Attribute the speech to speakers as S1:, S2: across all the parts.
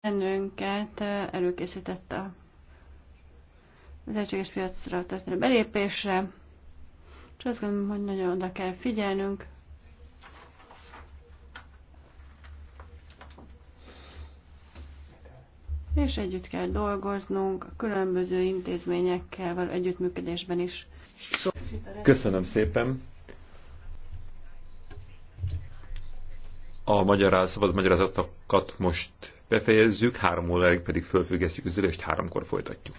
S1: bennünket előkészített a az egységes piacra történő belépésre, és azt gondolom, hogy nagyon oda kell figyelnünk. És együtt kell dolgoznunk a különböző intézményekkel való együttműködésben is. Köszönöm szépen!
S2: A magyar magyarázatokat most befejezzük, három óráig pedig fölfüggesztjük az ülést, háromkor folytatjuk.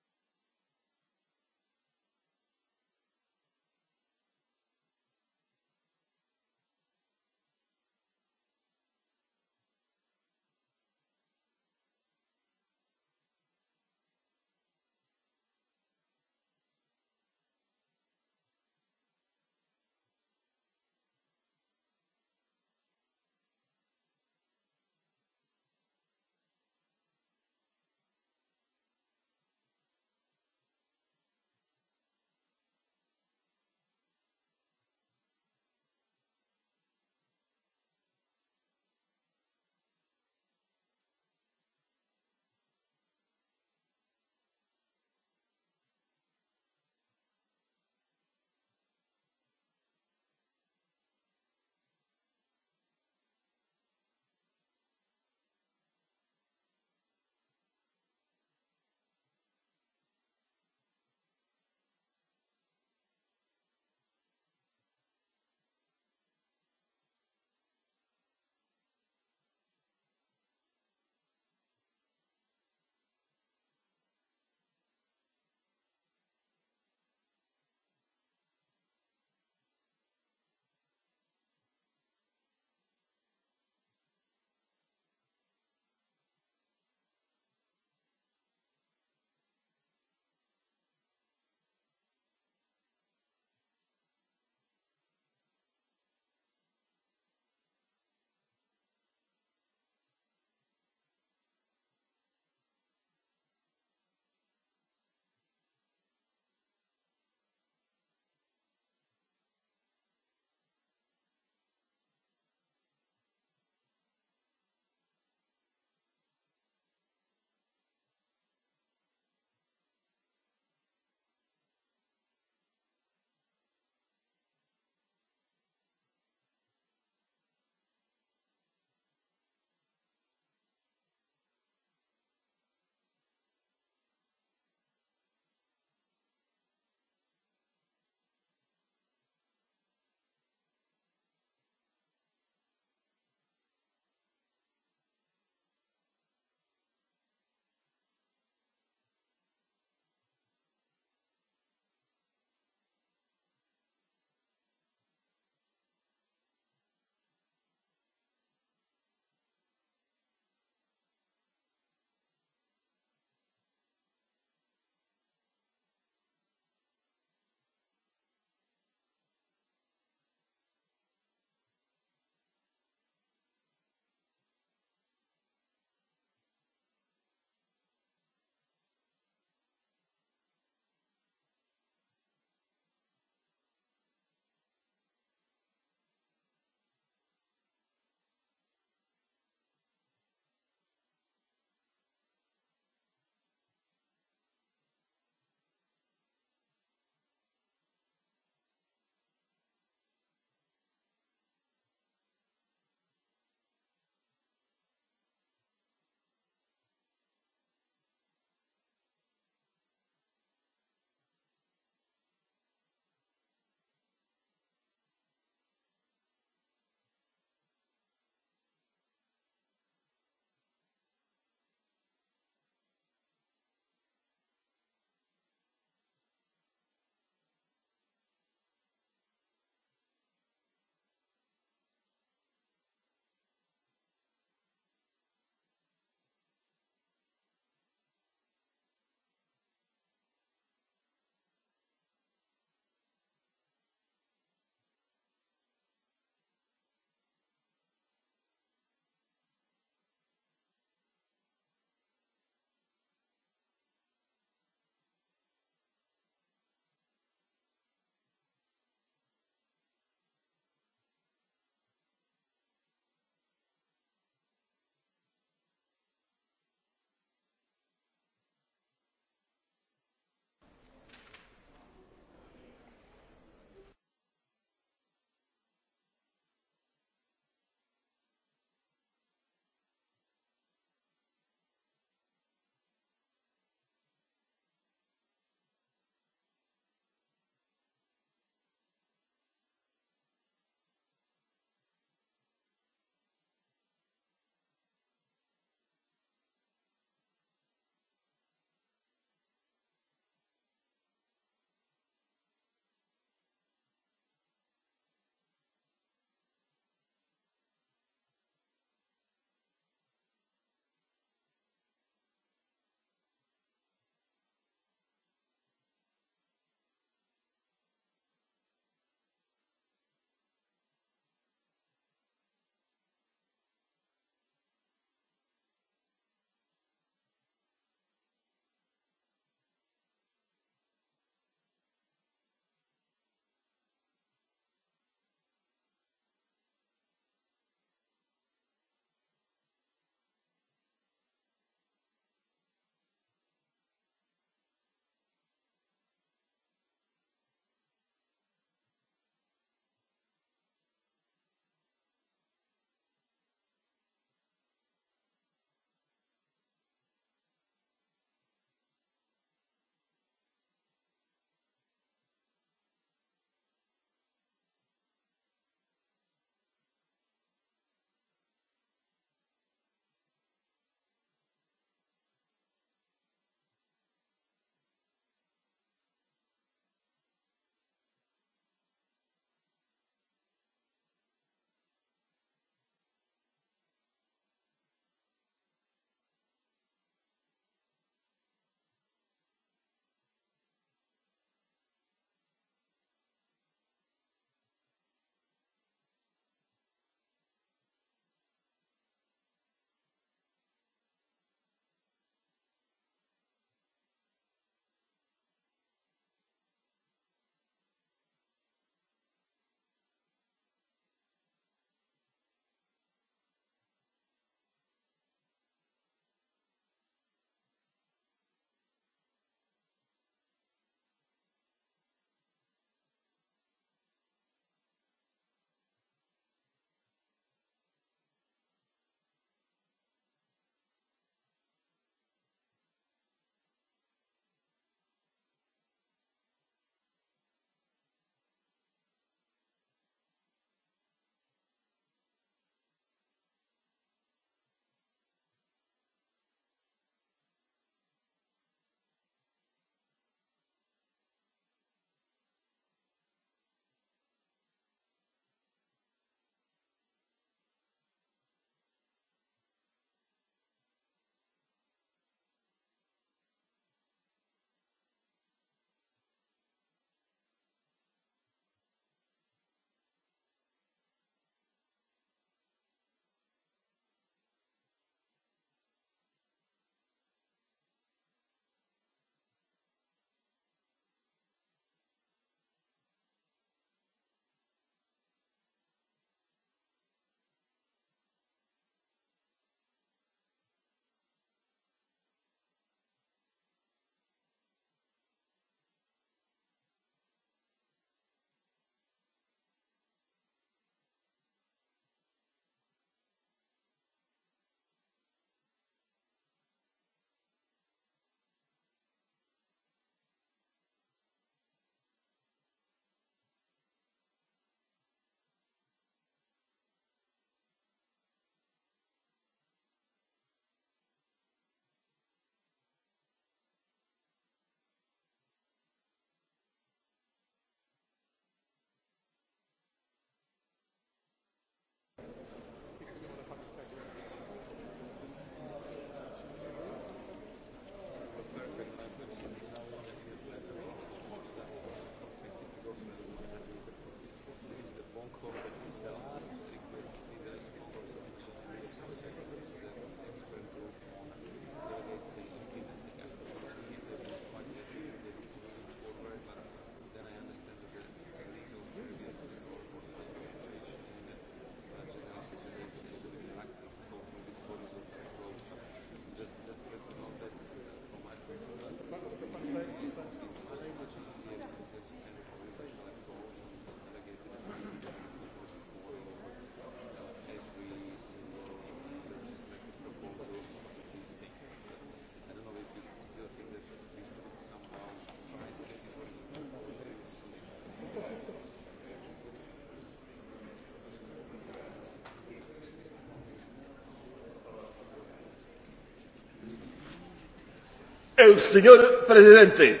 S2: El señor presidente.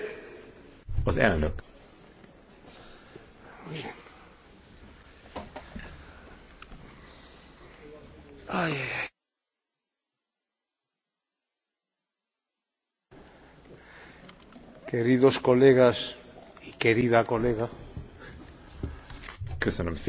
S2: Az elnök. Ay, Queridos colegas y querida colega.
S1: Köszönöm szépen.